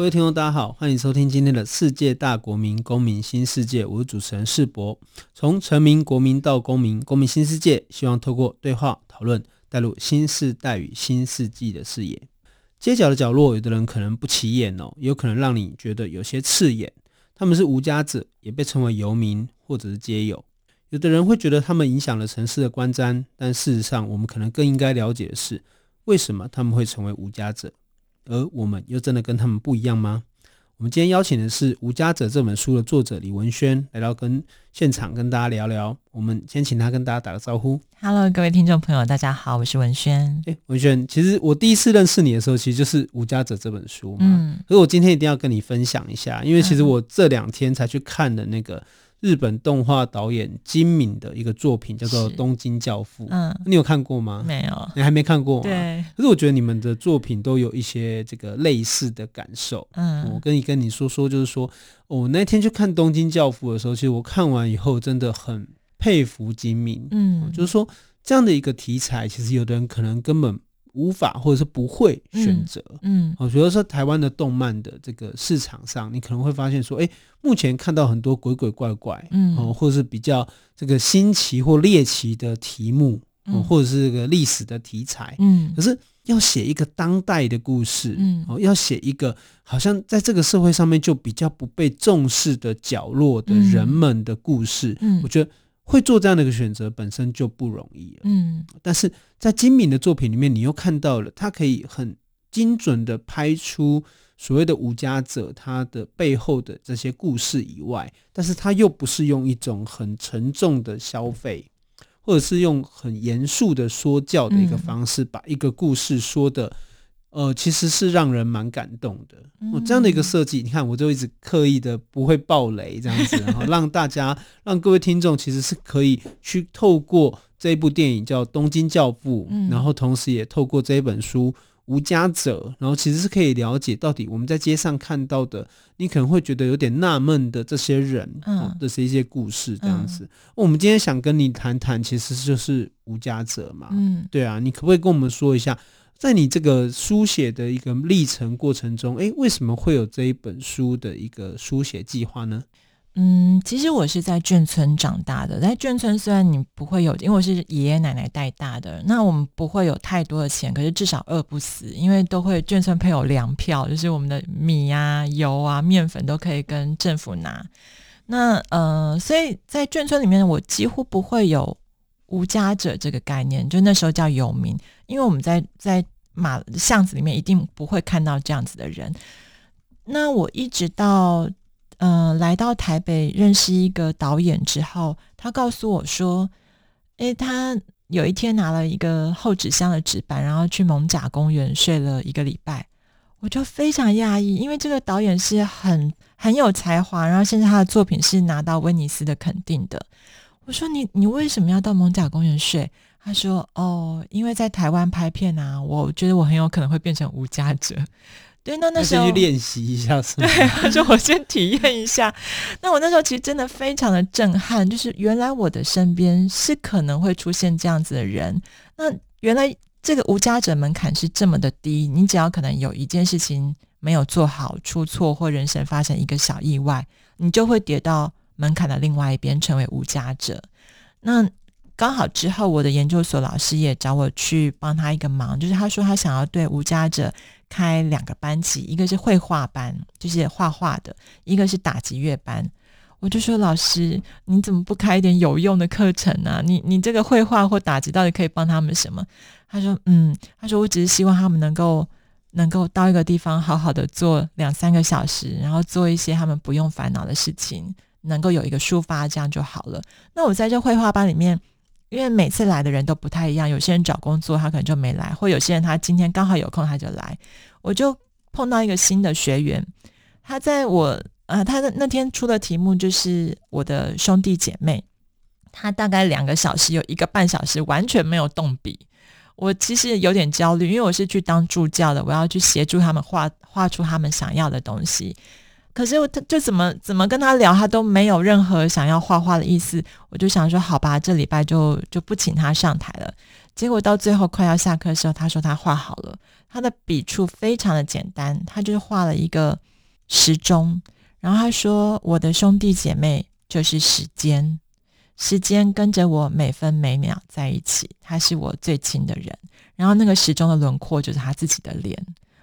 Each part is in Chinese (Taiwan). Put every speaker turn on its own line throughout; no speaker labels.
各位聽眾，大家好，歡迎收聽今天的世界大國民、公民新世界，我是主持人士博。從臣民、國民到公民，公民新世界，希望透過對話討論，帶入新世代與新世紀的視野。街角的角落，有的人可能不起眼哦，有可能讓你覺得有些刺眼。他們是無家者，也被稱為遊民或者是街友。有的人會覺得他們影響了城市的觀瞻，但事實上，我們可能更應該了解的是，為什麼他們會成為無家者。而我們又真的跟他們不一樣嗎？我們今天邀請的是《無家者》這本書的作者李玟萱來到跟現場跟大家聊聊。我們先請他跟大家打個招呼。
Hello，各位聽眾朋友，大家好，我是玟萱。哎，
玟萱，其實我第一次認識你的時候，其實就是《無家者》這本書。嗯，所以我今天一定要跟你分享一下，因為其實我這兩天才去看的那個。日本動畫導演金敏的一個作品叫做《東京教父》，嗯，你有看過嗎？沒有，你還沒看過嗎？對，可是我覺得你們的作品都有一些這個類似的感受。嗯，我跟你跟你說說，就是說，我那天去看《東京教父》的時候，其實我看完以後真的很佩服金敏。嗯，就是說這樣的一個題材，其實有的人可能根本。無法，或者是不會選擇。嗯，嗯，哦，所以說台灣的動漫的這個市場上，你可能會發現說，哎，欸，目前看到很多鬼鬼怪怪，嗯，呃，或者是比較這個新奇或獵奇的題目，嗯，呃，或者是這個歷史的題材，嗯，可是要寫一個當代的故事，嗯，呃，要寫一個好像在這個社會上面就比較不被重視的角落的人們的故事，嗯，嗯，我覺得。會做這樣的一個選擇本身就不容易
了，嗯，
但是在金敏的作品裡面，你又看到了他可以很精準的拍出所謂的無家者他的背後的這些故事以外，但是他又不是用一種很沉重的消費，或者是用很嚴肅的說教的一個方式，把一個故事說的。呃，其實是讓人蠻感動的、嗯哦。這樣的一個設計，你看，我就一直刻意的不會爆雷這樣子，然後讓大家、 讓各位聽眾，其實是可以去透過這部電影叫《東京教父》，嗯、然後同時也透過這一本書《無家者》，然後其實是可以了解到底我們在街上看到的，你可能會覺得有點納悶的這些人，嗯，哦、這是一些故事這樣子。嗯哦、我們今天想跟你談談，其實就是《無家者》嘛，嗯，對啊，你可不可以跟我們說一下？在你這個書寫的一個歷程過程中，哎，為什麼會有這一本書的一個書寫計劃呢？嗯，
其實我是在眷村長大的。在眷村，雖然你不會有，因為我是爺爺奶奶帶大的，那我們不會有太多的錢，可是至少餓不死，因為都會眷村配有糧票，就是我們的米啊、油啊、麵粉都可以跟政府拿。那呃，所以在眷村裡面，我幾乎不會有無家者這個概念，就那時候叫遊民。因為我們在在馬巷子裡面一定不會看到這樣子的人。那我一直到嗯、呃、來到台北認識一個導演之後，他告訴我說：“誒，他有一天拿了一個厚紙箱的紙板，然後去艋舺公園睡了一個禮拜。”我就非常訝異，因為這個導演是很很有才華，然後現在他的作品是拿到威尼斯的肯定的。我說你：“你你為什麼要到艋舺公園睡？”他說：“哦，因為在台灣拍片啊，我覺得我很有可能會變成無家者。對，那那時候先去練習一下，是嗎？對，他說我先體驗一下。 那我那時候其實真的非常的震撼，就是原來我的身邊是可能會出現這樣子的人。那原來這個無家者門檻是這麼的低，你只要可能有一件事情沒有做好，出錯或人生發生一個小意外，你就會跌到門檻的另外一邊，成為無家者。那。”剛好之後，我的研究所老師也找我去幫他一個忙，就是他說他想要對無家者開兩個班級，一個是繪畫班，就是畫畫的；一個是打擊樂班。我就說老師，你怎麼不開一點有用的課程呢？啊？你你這個繪畫或打擊到底可以幫他們什麼？他說嗯，他說我只是希望他們能夠能夠到一個地方好好的坐兩三個小時，然後做一些他們不用煩惱的事情，能夠有一個抒發，這樣就好了。那我在這繪畫班裡面。因為每次來的人都不太一樣，有些人找工作他可能就沒來，或有些人他今天剛好有空他就來。我就碰到一個新的學員，他在我啊，呃，他的那天出的題目就是我的兄弟姐妹，他大概兩個小時有一個半小時完全沒有動筆，我其實有點焦慮，因為我是去當助教的，我要去協助他們畫，畫出他們想要的東西。可是我他就怎麼怎麼跟他聊，他都沒有任何想要畫畫的意思。我就想說好吧，這禮拜就就不請他上台了。結果到最後快要下課的時候，他說他畫好了，他的筆觸非常的簡單，他就是畫了一個時鐘。然後他說我的兄弟姐妹就是時間，時間跟着我每分每秒在一起，他是我最親的人。然後那個時鐘的輪廓就是他自己的臉。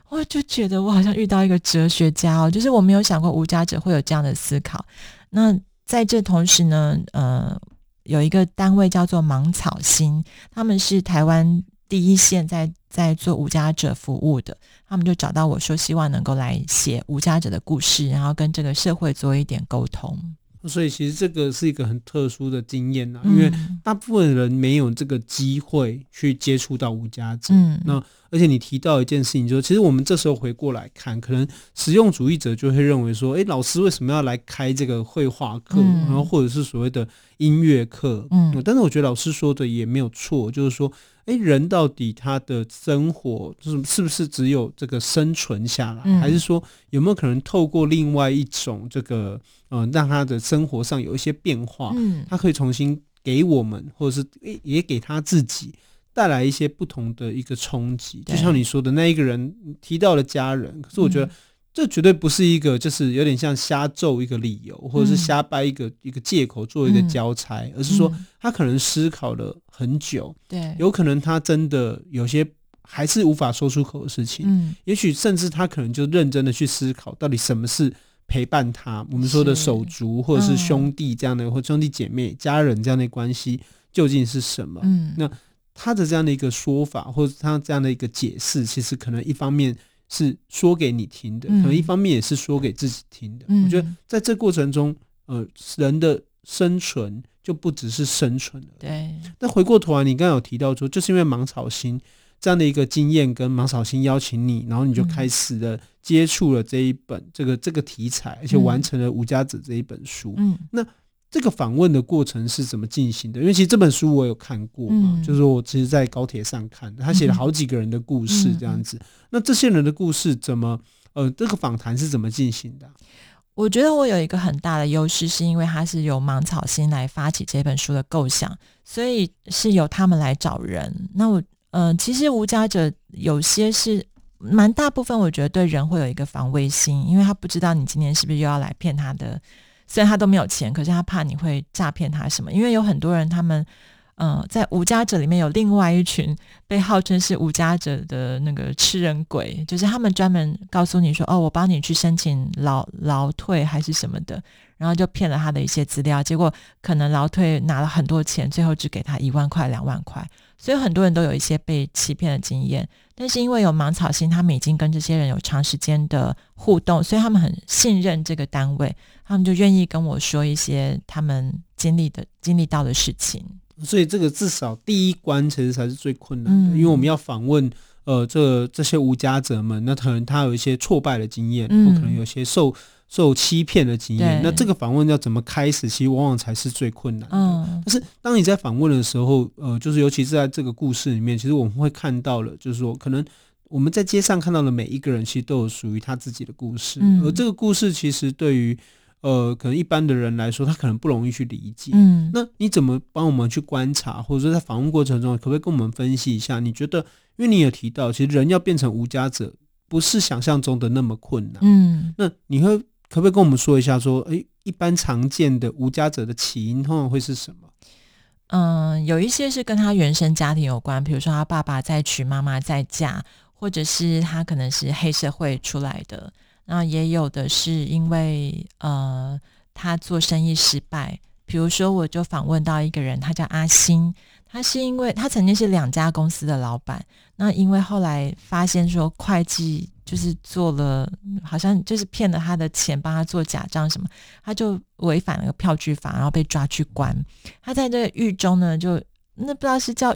我就覺得我好像遇到一個哲學家哦，就是我沒有想過無家者會有這樣的思考。那在這同時呢，呃，有一個單位叫做芒草心，他們是台灣第一線在在做無家者服務的，他們就找到我說，希望能夠來寫無家者的故事，然後跟這個社會做一點溝通。
所以其實這個是一個很特殊的經驗啊，因為大部分人沒有這個機會去接觸到無家者。嗯，那。而且你提到一件事情，就是其實我們這時候回過來看，可能實用主義者就會認為說，哎、欸，老師為什麼要來開這個繪畫課，然後、嗯、或者是所謂的音樂課？嗯、嗯，但是我覺得老師說的也沒有錯，就是說，哎、欸，人到底他的生活是是不是只有這個生存下來，嗯、還是說有沒有可能透過另外一種這個，嗯、呃，讓他的生活上有一些變化？嗯、他可以重新給我們，或者是、欸、也給他自己。帶來一些不同的一個衝擊，對就像你說的那一個人提到了家人，可是我覺得這絕對不是一個就是有點像瞎謅一個理由，嗯、或者是瞎掰一個一個借口做一個交差，嗯嗯、而是說他可能思考了很久，對有可能他真的有些還是無法說出口的事情，嗯、也許甚至他可能就認真的去思考到底什麼是陪伴他，是我們說的手足或者是兄弟這樣的，嗯、或兄弟姐妹、家人這樣的關係究竟是什麼？嗯、那。他的這樣的一個說法，或者他這樣的一個解釋，其實可能一方面是說給你聽的，嗯、可能一方面也是說給自己聽的。嗯、我覺得在這過程中，呃，人的生存就不只是生存了。對。那回過頭來、啊，你剛剛有提到說，就是因為芒草心這樣的一個經驗，跟芒草心邀請你，然後你就開始了接觸了這一本這個、嗯、這個題材，而且完成了《無家者》這一本書。嗯。那、嗯。這個訪問的過程是怎麼進行的？因為其實這本書我有看過嘛，嗯、就是說我其實，在高鐵上看他寫了好幾個人的故事這樣子。嗯嗯、那這些人的故事怎麼？呃，這個訪談是怎麼進行的？
我覺得我有一個很大的優勢，是因為他是由芒草心來發起這本書的構想，所以是由他們來找人。那我，嗯、呃，其實無家者有些是蠻大部分，我覺得對人會有一個防衛心，因為他不知道你今天是不是又要來騙他的。雖然他都沒有錢，可是他怕你會詐騙他什麼？因為有很多人，他們。嗯，在無家者裡面有另外一群被號稱是無家者的那個吃人鬼，就是他們專門告訴你說：“哦，我幫你去申請勞勞退還是什麼的。”然後就騙了他的一些資料，結果可能勞退拿了很多錢，最後只給他一萬塊、兩萬塊。所以很多人都有一些被欺騙的經驗，但是因為有芒草心，他們已經跟這些人有長時間的互動，所以他們很信任這個單位，他們就願意跟我說一些他們經歷的、經歷到的事情。
所以這個至少第一關其實才是最困難的，嗯、因為我們要訪問呃這這些無家者們，那可能他有一些挫敗的經驗，嗯、或可能有些受受欺騙的經驗。嗯、那這個訪問要怎麼開始，其實往往才是最困難的。嗯、但是當你在訪問的時候，呃，就是尤其是在這個故事裡面，其實我們會看到了，就是說可能我們在街上看到的每一個人，其實都有屬於他自己的故事，嗯、而這個故事其實對於。呃，可能一般的人來說，他可能不容易去理解。嗯，那你怎麼幫我們去觀察，或者說在訪問過程中，可不可以跟我們分析一下？你覺得，因為你有提到，其實人要變成無家者，不是想象中的那麼困難。嗯，那你會可不可以跟我們說一下，說，哎、欸，一般常見的無家者的起因通常會是什麼？
嗯，有一些是跟他原生家庭有關，比如說他爸爸再娶，媽媽再嫁，或者是他可能是黑社會出來的。那也有的是因為呃，他做生意失敗，比如說我就訪問到一個人，他叫阿星，他是因為他曾經是兩家公司的老闆，那因為後來發現說會計就是做了，好像就是騙了他的錢，幫他做假賬什麼，他就違反了個票據法，然後被抓去關。他在這個獄中呢，就。那不知道是叫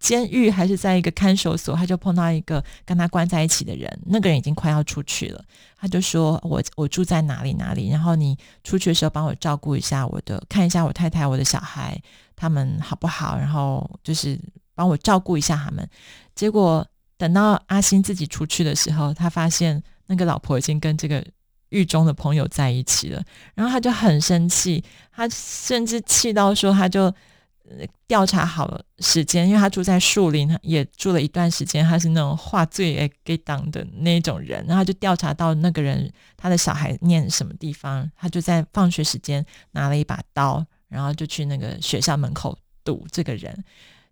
監獄還是在一個看守所，他就碰到一個跟他關在一起的人，那個人已經快要出去了。他就說我：“我我住在哪裡哪裡，然後你出去的時候幫我照顧一下我的，看一下我太太、我的小孩他們好不好？然後就是幫我照顧一下他們。”結果等到阿星自己出去的時候，他發現那個老婆已經跟這個獄中的朋友在一起了，然後他就很生氣，他甚至氣到說他就。調查好了時間，因為他住在樹林，也住了一段時間。他是那種最罪給當的那一種人，然後就調查到那個人，他的小孩念什麼地方，他就在放學時間拿了一把刀，然後就去那個學校門口堵這個人。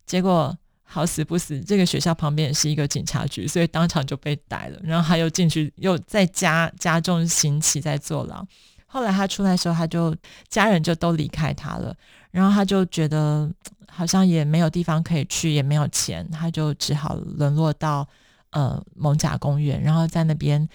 結果好死不死，這個學校旁邊也是一個警察局，所以當場就被逮了。然後他又進去，又再加，加重刑期在坐牢。後來他出來的時候，他就家人就都離開他了。然後他就覺得好像也沒有地方可以去，也沒有錢，他就只好淪落到呃艋舺公園。然後在那邊，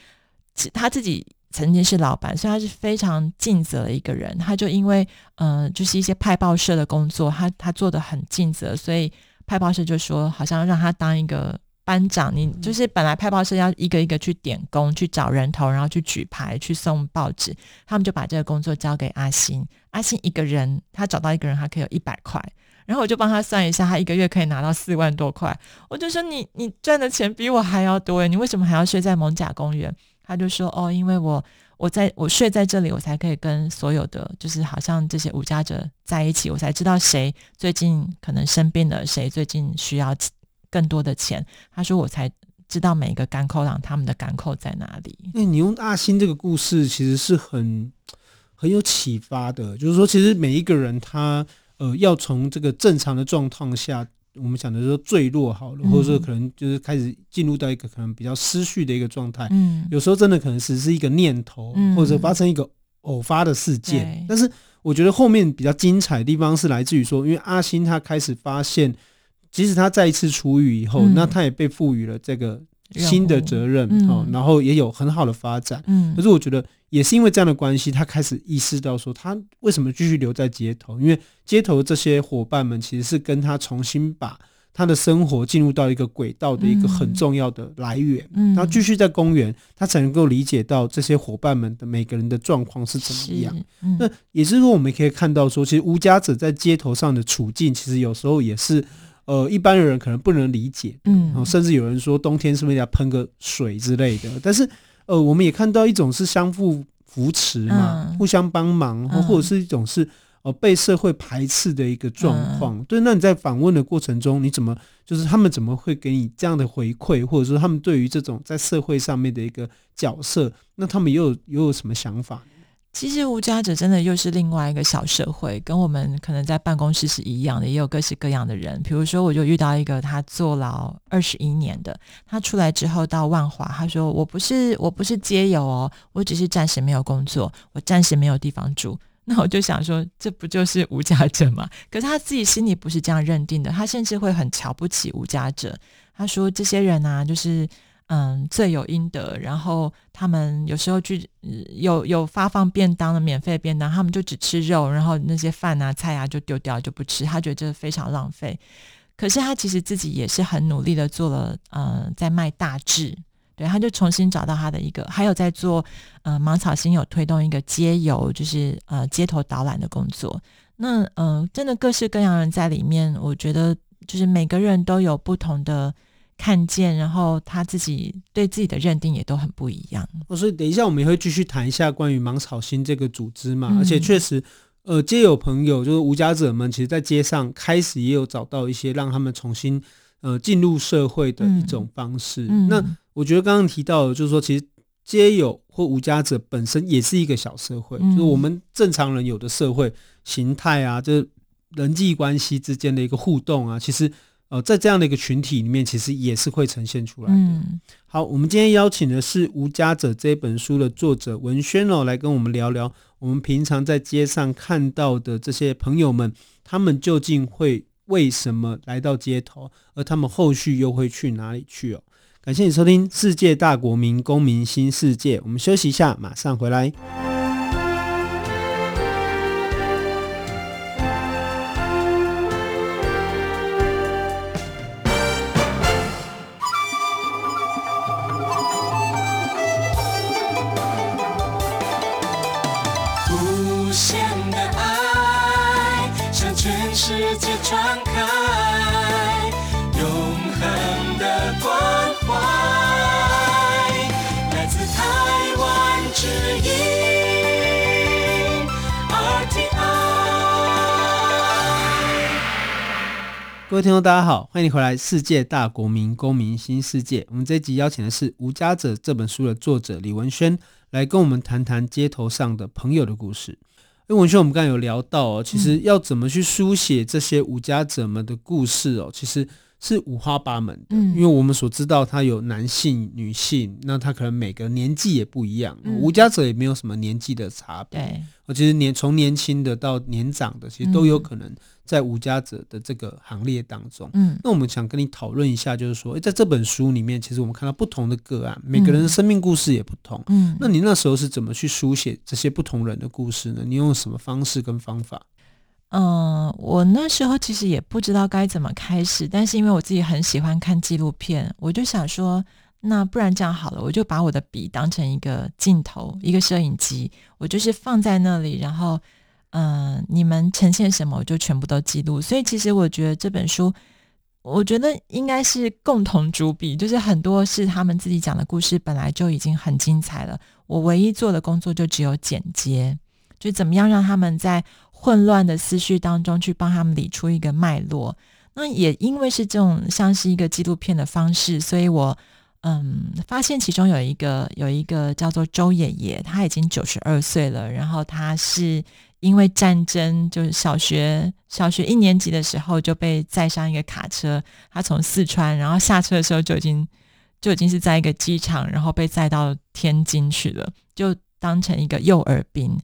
他自己曾經是老闆，所以他是非常盡責的一個人。他就因為呃就是一些派報社的工作，他他做得很盡責，所以派報社就說好像讓他當一個。班長，你就是本來派報社要一個一個去點工，去找人頭，然後去舉牌，去送報紙，他們就把這個工作交給阿星。阿星一個人，他找到一個人，他可以有一百塊。然後我就幫他算一下，他一個月可以拿到四萬多塊。我就說你，你賺的錢比我還要多耶，你為什麼還要睡在艋舺公園？他就說哦，因為我我在我睡在這裡，我才可以跟所有的就是好像這些無家者在一起，我才知道誰最近可能生病了，誰最近需要。更多的錢。他說我才知道每一個港口港，他們的港口在哪裡。那、
欸、你用阿星這個故事其實是很很有啟發的，就是說其實每一個人他呃要從這個正常的狀況下，我們講的是說墜落好了，嗯、或者說可能就是開始進入到一個可能比較失序的一個狀態。嗯，有時候真的可能只是一個念頭，嗯、或者發生一個偶發的事件。對但是我覺得後面比較精彩的地方是來自於說，因為阿星他開始發現。即使他再一次出獄以後，嗯、那他也被賦予了這個新的責任哦，嗯嗯、然後也有很好的發展。嗯、可是我覺得也是因為這樣的關係，他開始意識到說他為什麼繼續留在街頭，因為街頭這些夥伴們其實是跟他重新把他的生活進入到一個軌道的一個很重要的來源。嗯，嗯他繼續在公園，他才能夠理解到這些夥伴們的每個人的狀況是怎麼樣。嗯、那也是說，我們可以看到說，其實無家者在街頭上的處境，其實有時候也是。呃，一般人可能不能理解，嗯，甚至有人說冬天是不是要噴個水之類的。嗯、但是，呃，我們也看到一種是相互扶持嘛，嗯、互相幫忙，或者是一種是呃被社會排斥的一個狀況。嗯、對，那你在訪問的過程中，你怎麼就是他們怎麼會給你這樣的回饋，或者說他們對於這種在社會上面的一個角色，那他們又有又有什麼想法？
其實無家者真的又是另外一個小社會，跟我們可能在辦公室是一樣的，也有各式各樣的人。比如說，我就遇到一個他坐牢二十一年的，他出來之後到萬華，他說：“我不是，我不是街友哦，我只是暫時沒有工作，我暫時沒有地方住。”那我就想說，這不就是無家者嗎？可是他自己心裡不是這樣認定的，他甚至會很瞧不起無家者，他說：“這些人啊，就是。”嗯，罪有應得。然後他們有時候去、呃、有有發放便當的免費便當，他們就只吃肉，然後那些飯啊菜啊就丟掉就不吃。他覺得這非常浪費。可是他其實自己也是很努力的做了，嗯、呃，在賣大志，對，他就重新找到他的一個，還有在做，呃，芒草心有推動一個街遊，就是呃街頭導覽的工作。那嗯、呃，真的各式各樣的人在裡面，我覺得就是每個人都有不同的，看見，然後他自己對自己的認定也都很不一樣。
哦、所以，等一下我們也會繼續談一下關於芒草心這個組織嘛。嗯、而且，確實，呃，街友朋友就是無家者們，其實，在街上開始也有找到一些讓他們重新呃進入社會的一種方式。嗯、那我覺得剛剛提到的就是說，其實街友或無家者本身也是一個小社會，嗯、就是我們正常人有的社會形態啊，就是人際關係之間的一個互動啊，其實。哦，在這樣的一個群體裡面，其實也是會呈現出來的。嗯、好，我們今天邀請的是《無家者》這本書的作者玟萱哦，來跟我們聊聊我們平常在街上看到的這些朋友們，他們究竟會為什麼來到街頭，而他們後續又會去哪裡去？哦，感謝你收聽《世界大國民公民新世界》，我們休息一下，馬上回來。各位聽眾，大家好，歡迎你回來《世界大國民公民新世界》。我們這一集邀請的是《無家者》這本書的作者李玟萱，來跟我們談談街頭上的朋友的故事。因為玟萱，我們剛剛有聊到哦，其實要怎麼去書寫這些無家者們的故事哦，嗯、其實是五花八門的。嗯、因為我們所知道，他有男性、女性，那他可能每個年紀也不一樣。嗯、哦、無家者也沒有什麼年紀的差別。對哦、其實年從年輕的到年長的，其實都有可能，在無家者的這個行列當中，嗯，那我們想跟你討論一下，就是說，在這本書裡面，其實我們看到不同的個案，每個人的生命故事也不同，嗯，嗯，那你那時候是怎麼去書寫這些不同人的故事呢？你用什麼方式跟方法？嗯，
呃，我那時候其實也不知道該怎麼開始，但是因為我自己很喜歡看紀錄片，我就想說，那不然這樣好了，我就把我的筆當成一個鏡頭，一個攝影機，我就是放在那裡，然後。嗯、呃，你們呈現什麼，我就全部都記錄。所以其實我覺得這本書，我覺得應該是共同主筆，就是很多是他們自己講的故事，本來就已經很精彩了。我唯一做的工作就只有剪接，就怎麼樣讓他們在混亂的思緒當中去幫他們理出一個脈絡。那也因為是這種像是一個紀錄片的方式，所以我嗯，發現其中有一個有一個叫做周爺爺，他已經九十二歲了，然後他是。因為戰爭，就是小學小學一年級的時候就被載上一個卡車，他從四川，然後下車的時候就已經就已經是在一個機場，然後被載到天津去了，就當成一個幼兒兵。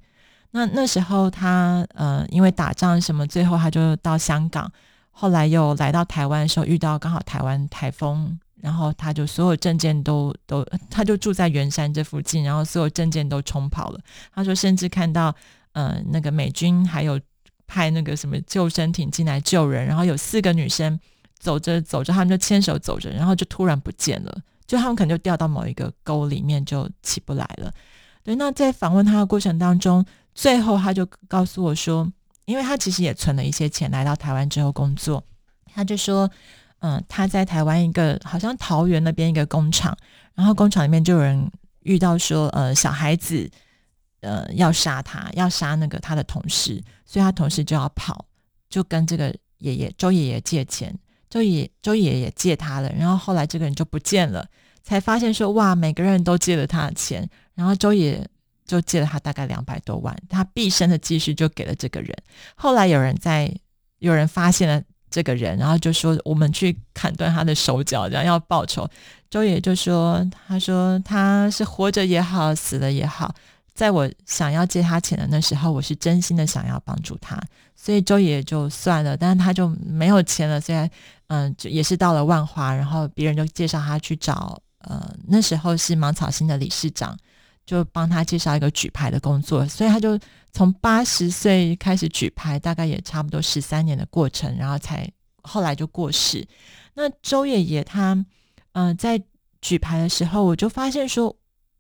那那時候他呃，因為打仗什麼，最後他就到香港，後來又來到台灣的時候，遇到剛好台灣颱風，然後他就所有證件都都，他就住在圓山這附近，然後所有證件都沖跑了。他說，甚至看到。嗯、呃，那個美軍還有派那個什麼救生艇進來救人，然後有四個女生走着走着，他們就牽手走着，然後就突然不見了，就他們可能就掉到某一個溝裡面就起不來了。對，那在訪問他的過程當中，最後他就告訴我說，因為他其實也存了一些錢來到台灣之後工作，他就說，嗯、呃，他在台灣一個好像桃園那邊一個工廠，然後工廠裡面就有人遇到說，呃，小孩子。呃，要殺他，要殺那個他的同事，所以他同事就要跑，就跟這個爺爺周爺爺借錢。周爺周爺爺借他了，然後後來這個人就不見了，才發現說哇，每個人都借了他的錢，然後周爺就借了他大概兩百多萬，他畢生的積蓄就給了這個人。後來有人在有人發現了這個人，然後就說我們去砍斷他的手腳，然後要報仇。周爺就說他說他是活着也好，死了也好。在我想要借他錢的那時候，我是真心的想要幫助他，所以周爺爺就算了，但是他就沒有錢了。雖然，嗯、呃，就也是到了萬華，然後別人就介紹他去找，呃，那時候是芒草心的理事長，就幫他介紹一個舉牌的工作，所以他就從八十歲開始舉牌，大概也差不多十三年的過程，然後才後來就過世。那周爺爺他，嗯、呃，在舉牌的時候，我就發現說。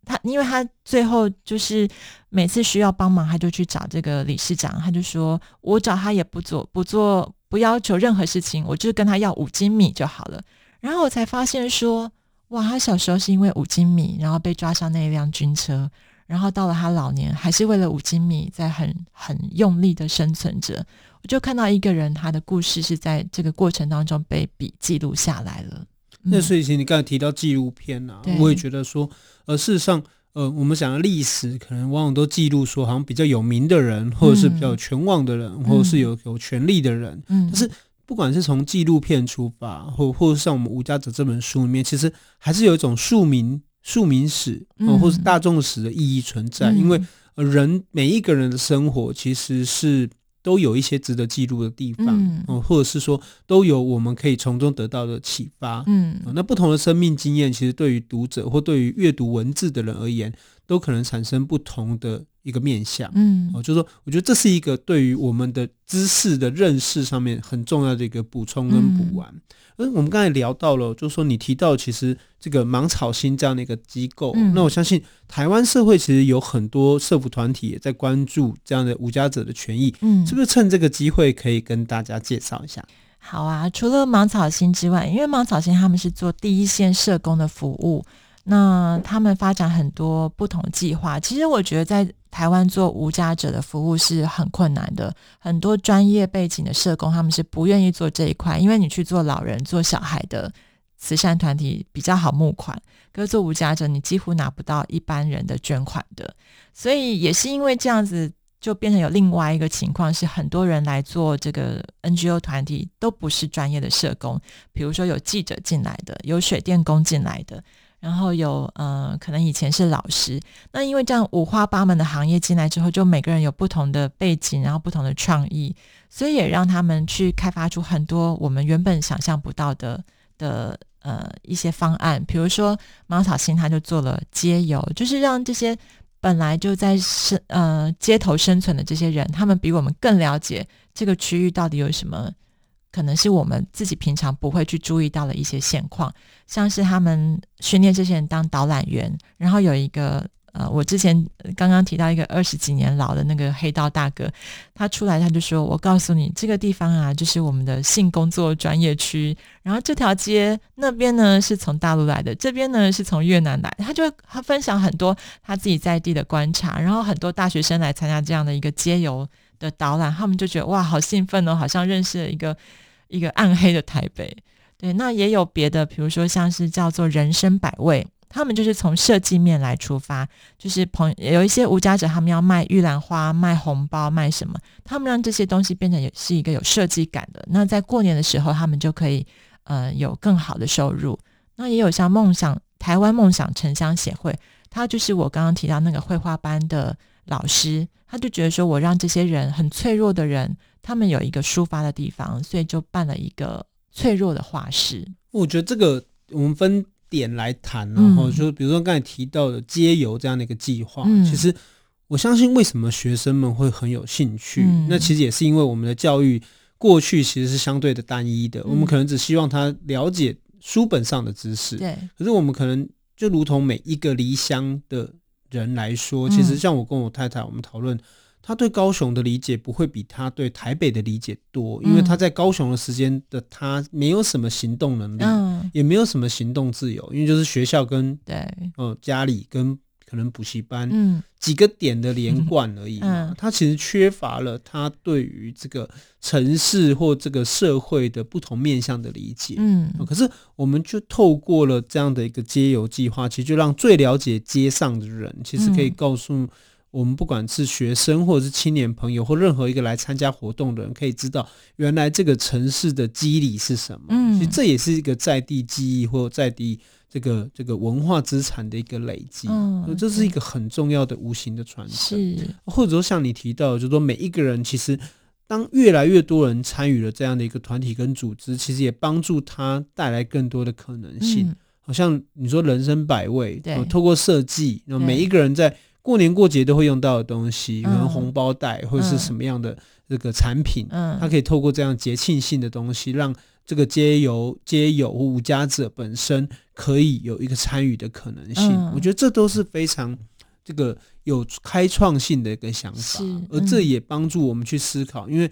他，因為他最後就是每次需要幫忙，他就去找這個理事長，他就說：“我找他也不做，不做，不要求任何事情，我就跟他要五斤米就好了。”然後我才發現說：“哇，他小時候是因為五斤米，然後被抓上那一輛軍車，然後到了他老年，還是為了五斤米在很很用力的生存着。”我就看到一個人，他的故事是在這個過程當中被筆記錄下來了。
那所以其實你剛才提到紀錄片呐、啊，對我也覺得說，呃，事實上，呃，我們想要歷史，可能往往都記錄說好像比較有名的人，或者是比較有權望的人，嗯、或者是有有權利的人。嗯。但是，不管是從紀錄片出發，或或者像我們《無家者》這本書裡面，其實還是有一種庶民庶民史或、呃、或是大眾史的意義存在，嗯、因為、呃、人每一個人的生活其實是。都有一些值得記錄的地方，或者是說，都有我們可以從中得到的啟發。嗯，那不同的生命經驗，其實對於讀者或對於閱讀文字的人而言，都可能產生不同的一個面向，嗯，哦，就是說，我覺得這是一個對於我們的知識的認識上面很重要的一個補充跟補完。嗯，而我們剛才聊到了，就是說，你提到其實這個芒草心這樣的一個機構，嗯，那我相信台灣社會其實有很多社服團體也在關注這樣的無家者的權益，嗯，是不是趁這個機會可以跟大家介紹一下？
好啊，除了芒草心之外，因為芒草心他們是做第一線社工的服務。那他們發展很多不同計劃。其實我覺得在台灣做無家者的服務是很困難的。很多專業背景的社工他們是不願意做這一塊，因為你去做老人、做小孩的慈善團體比較好募款，可是做無家者，你幾乎拿不到一般人的捐款的。所以也是因為這樣子，就變成有另外一個情況是，很多人來做這個 NGO 團體都不是專業的社工，比如說有記者進來的，有水電工進來的。然後有呃，可能以前是老師，那因為這樣五花八門的行業進來之後，就每個人有不同的背景，然後不同的創意，所以也讓他們去開發出很多我們原本想象不到的的呃一些方案。比如說芒草心，他就做了街遊，就是讓這些本來就在生呃街頭生存的這些人，他們比我們更了解這個區域到底有什麼。可能是我們自己平常不會去注意到的一些現況，像是他們訓練這些人當導覽員，然後有一個呃，我之前剛剛提到一個二十幾年老的那個黑道大哥，他出來他就說：“我告訴你，這個地方啊，就是我們的性工作專業區。”然後這條街那邊呢是從大陸來的，這邊呢是從越南來。他就他分享很多他自己在地的觀察，然後很多大學生來參加這樣的一個街遊的導覽，他們就覺得哇，好興奮哦，好像認識了一個。一個暗黑的台北，對，那也有別的，比如說像是叫做人生百味，他們就是從設計面來出發，就是朋有一些無家者，他們要賣玉蘭花、賣紅包、賣什麼，他們讓這些東西變成也是一個有設計感的。那在過年的時候，他們就可以呃有更好的收入。那也有像夢想台灣夢想城鄉協會，他就是我剛剛提到那個繪畫班的老師，他就覺得說我讓這些人很脆弱的人。他們有一個抒發的地方，所以就辦了一個脆弱的畫室。
我覺得這個我們分點來談，啊，然後、嗯、就比如說剛才提到的街遊這樣的一個計劃，嗯、其實我相信為什麼學生們會很有興趣，嗯、那其實也是因為我們的教育過去其實是相對的單一的，嗯、我們可能只希望他了解書本上的知識，對、嗯。可是我們可能就如同每一個離鄉的人來說，嗯、其實像我跟我太太，我們討論。他對高雄的理解不會比他對台北的理解多，因為他在高雄的時間的他沒有什麼行動能力，嗯、也沒有什麼行動自由，因為就是學校跟對，嗯、呃，家裡跟可能補習班，嗯、幾個點的連貫而已。嗯嗯嗯、他其實缺乏了他對於這個城市或這個社會的不同面向的理解。嗯呃、可是我們就透過了這樣的一個街遊計劃，其實就讓最了解街上的人，其實可以告訴、嗯。我們不管是學生，或者是青年朋友，或任何一個來參加活動的人，可以知道原來這個城市的肌理是什麼？所以、嗯、其實這也是一個在地記憶或在地這個這個文化資產的一個累積。嗯、這是一個很重要的無形的傳承。嗯、或者說像你提到，就是說每一個人其實，當越來越多人參與了這樣的一個團體跟組織，其實也幫助他帶來更多的可能性。嗯、好像你說人生百味，對，透過設計，那每一個人在，過年過節都會用到的東西，可能紅包袋、嗯嗯、或者是什麼樣的這個產品，嗯嗯、它可以透過這樣節慶性的東西，讓這個街遊、街友無家者本身可以有一個參與的可能性。嗯、我覺得這都是非常這個有開創性的一個想法，嗯、而這也幫助我們去思考，因為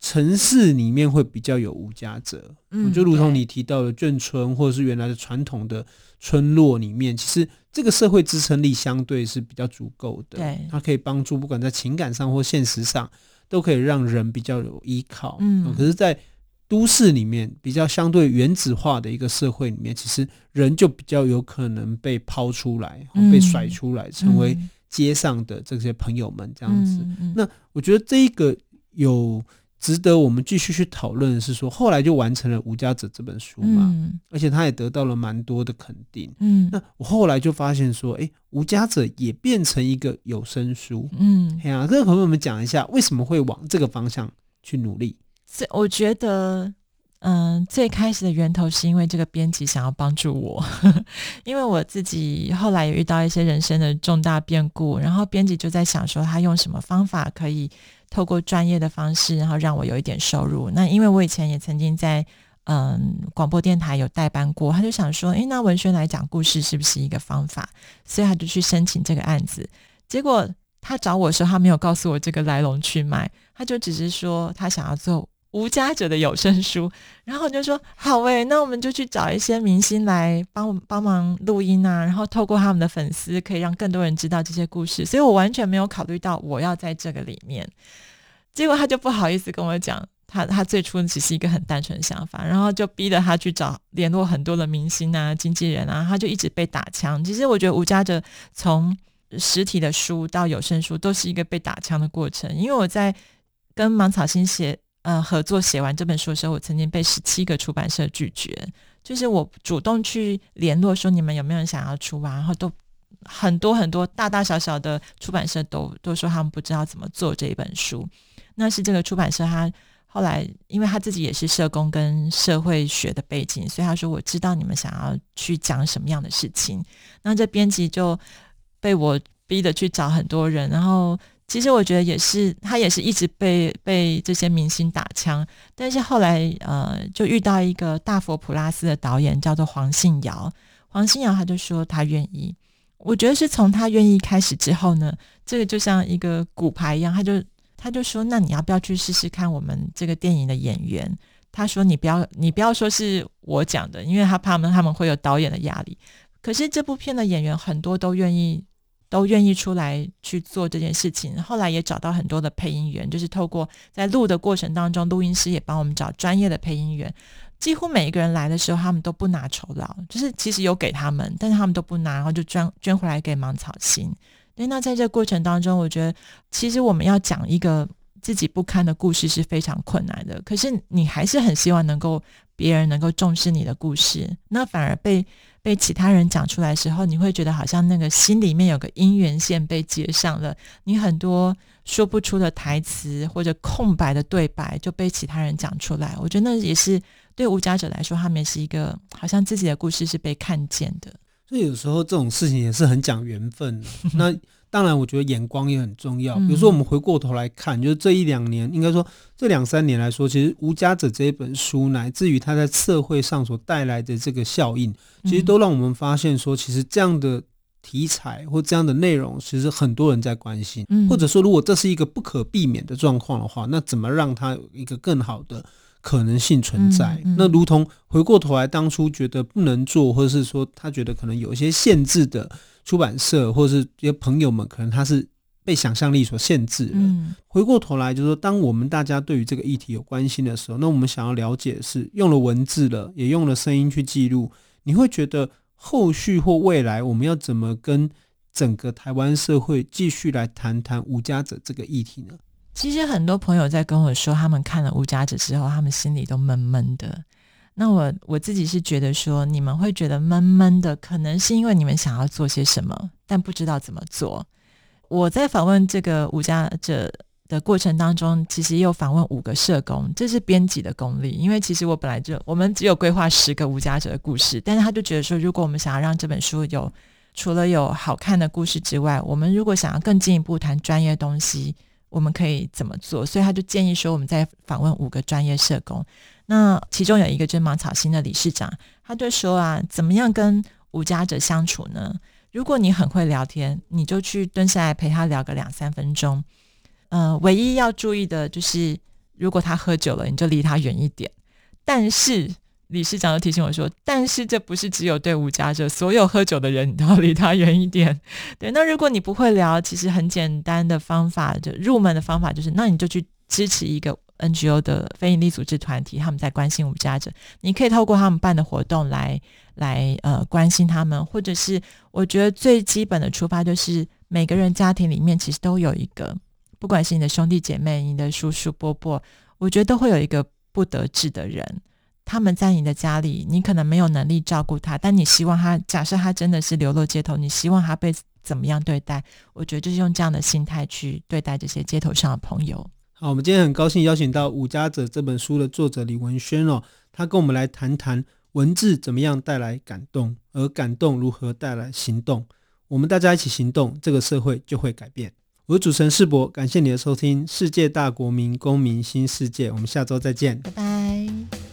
城市裡面會比較有無家者，嗯、就如同你提到的眷村，或者是原來的傳統的村落裡面，其實。這個社會支撐力相對是比較足夠的，對它可以幫助不管在情感上或現實上，都可以讓人比較有依靠。嗯嗯、可是，在都市裡面比較相對原子化的一個社會裡面，其實人就比較有可能被拋出來、哦、被甩出來，成為街上的這些朋友們、嗯、這樣子。嗯嗯、那我覺得這一個有。值得我們繼續去討論的是說，後來就完成了《無家者》這本書嘛，嗯、而且他也得到了蠻多的肯定。嗯，那我後來就發現說，誒，《無家者》也變成一個有聲書。嗯，哎呀、啊，朋友們講一下，為什麼會往這個方向去努力？
我覺得，嗯、呃，最開始的源頭是因為這個編輯想要幫助我， 因為我自己後來也遇到一些人生的重大變故，然後編輯就在想說，他用什麼方法可以。透過專業的方式，然後讓我有一點收入。那因為我以前也曾經在嗯廣播電台有代班過，他就想說，誒、欸，那玟萱來講故事是不是一個方法？所以他就去申請這個案子。結果他找我的時候，他沒有告訴我這個來龍去脈，他就只是說他想要做，無家者的有聲書，然後就說好喂、欸。那我們就去找一些明星來幫幫忙錄音啊，然後透過他們的粉絲，可以讓更多人知道這些故事。所以我完全沒有考慮到我要在這個裡面，結果他就不好意思跟我講，他他最初只是一個很單純的想法，然後就逼着他去找聯絡很多的明星啊、經紀人啊，他就一直被打槍。其實我覺得無家者從實體的書到有聲書，都是一個被打槍的過程，因為我在跟芒草心寫。呃，合作寫完這本書的時候，我曾經被十七個出版社拒絕。就是我主動去聯絡說，你們有沒有人想要出啊？然後都很多很多大大小小的出版社都都說他們不知道怎麼做這一本書。那是這個出版社，他後來因為他自己也是社工跟社會學的背景，所以他說我知道你們想要去講什麼樣的事情。那這編輯就被我逼得，去找很多人，然後。其實我覺得也是，他也是一直被被這些明星打槍，但是後來呃就遇到一個大佛普拉斯的導演叫做黃信堯，黃信堯他就說他願意，我覺得是從他願意開始之後呢，這個就像一個骨牌一樣，他就他就說，那你要不要去試試看我們這個電影的演員？他說你不要你不要說是我講的，因為他怕他們他們會有導演的壓力，可是這部片的演員很多都願意。都願意出來去做這件事情。後來也找到很多的配音員，就是透過在錄的過程當中，錄音師也幫我們找專業的配音員。幾乎每一個人來的時候，他們都不拿酬勞，就是其實有給他們，但是他們都不拿，然後就捐捐回來給芒草心。那在這個過程當中，我覺得其實我們要講一個自己不堪的故事是非常困難的，可是你還是很希望能夠別人能夠重視你的故事，那反而被。被其他人講出來的時候，你會覺得好像那個心裡面有個姻緣線被接上了，你很多說不出的台詞或者空白的對白就被其他人講出來。我覺得那也是對無家者來說，他們也是一個好像自己的故事是被看見的。
所以有時候這種事情，也是很講緣分的。 那當然，我覺得眼光也很重要。比如說，我們回過頭來看，嗯、就是這一兩年，應該說這兩三年來說，其實《無家者》這一本書來，乃至於他在社會上所帶來的這個效應，嗯、其實都讓我們發現說，其實這樣的題材或這樣的內容，其實很多人在關心。嗯、或者說，如果這是一個不可避免的狀況的話，那怎麼讓他有一個更好的？可能性存在，嗯嗯、那如同回過頭來，當初覺得不能做，或者是說他覺得可能有一些限制的出版社，或者是一些朋友們，可能他是被想象力所限制了。嗯、回過頭來，就是說，當我們大家對於這個議題有關心的時候，那我們想要了解的是用了文字了，也用了聲音去記錄。你會覺得後續或未來，我們要怎麼跟整個台灣社會繼續來談談無家者這個議題呢？
其實很多朋友在跟我說，他們看了《無家者》之後，他們心裡都悶悶的。那我我自己是覺得說，你們會覺得悶悶的，可能是因為你們想要做些什麼，但不知道怎麼做。我在訪問這個《無家者》的過程當中，其實又訪問五個社工，這是編輯的功力。因為其實我本來就我們只有規劃十個《無家者》的故事，但是他就覺得說，如果我們想要讓這本書有除了有好看的故事之外，我們如果想要更進一步談專業的東西。我們可以怎麼做？所以他就建議說，我們再訪問五個專業社工。那其中有一個就是芒草心的理事長，他就說啊，怎麼樣跟無家者相處呢？如果你很會聊天，你就去蹲下來陪他聊個兩三分鐘。呃，唯一要注意的就是，如果他喝酒了，你就離他遠一點。但是理事長都提醒我說：“但是這不是只有對無家者，所有喝酒的人你都要離他遠一點。對，那如果你不會聊，其實很簡單的方法，就入門的方法就是，那你就去支持一個 NGO 的非營利組織團體，他們在關心無家者。你可以透過他們辦的活動來來呃關心他們，或者是我覺得最基本的出發就是，每個人家庭裡面其實都有一個，不管是你的兄弟姐妹、你的叔叔伯伯，我覺得都會有一個不得志的人。”他們在你的家裡，你可能沒有能力照顧他，但你希望他。假設他真的是流落街頭，你希望他被怎麼樣對待？我覺得就是用這樣的心態去對待這些街頭上的朋友。
好，我們今天很高興邀請到《無家者》這本書的作者李玟萱哦，他跟我們來談談文字怎麼樣帶來感動，而感動如何帶來行動。我們大家一起行動，這個社會就會改變。我是主持人士博，感謝你的收聽，《世界大國民公民新世界》，我們下周再見，拜拜。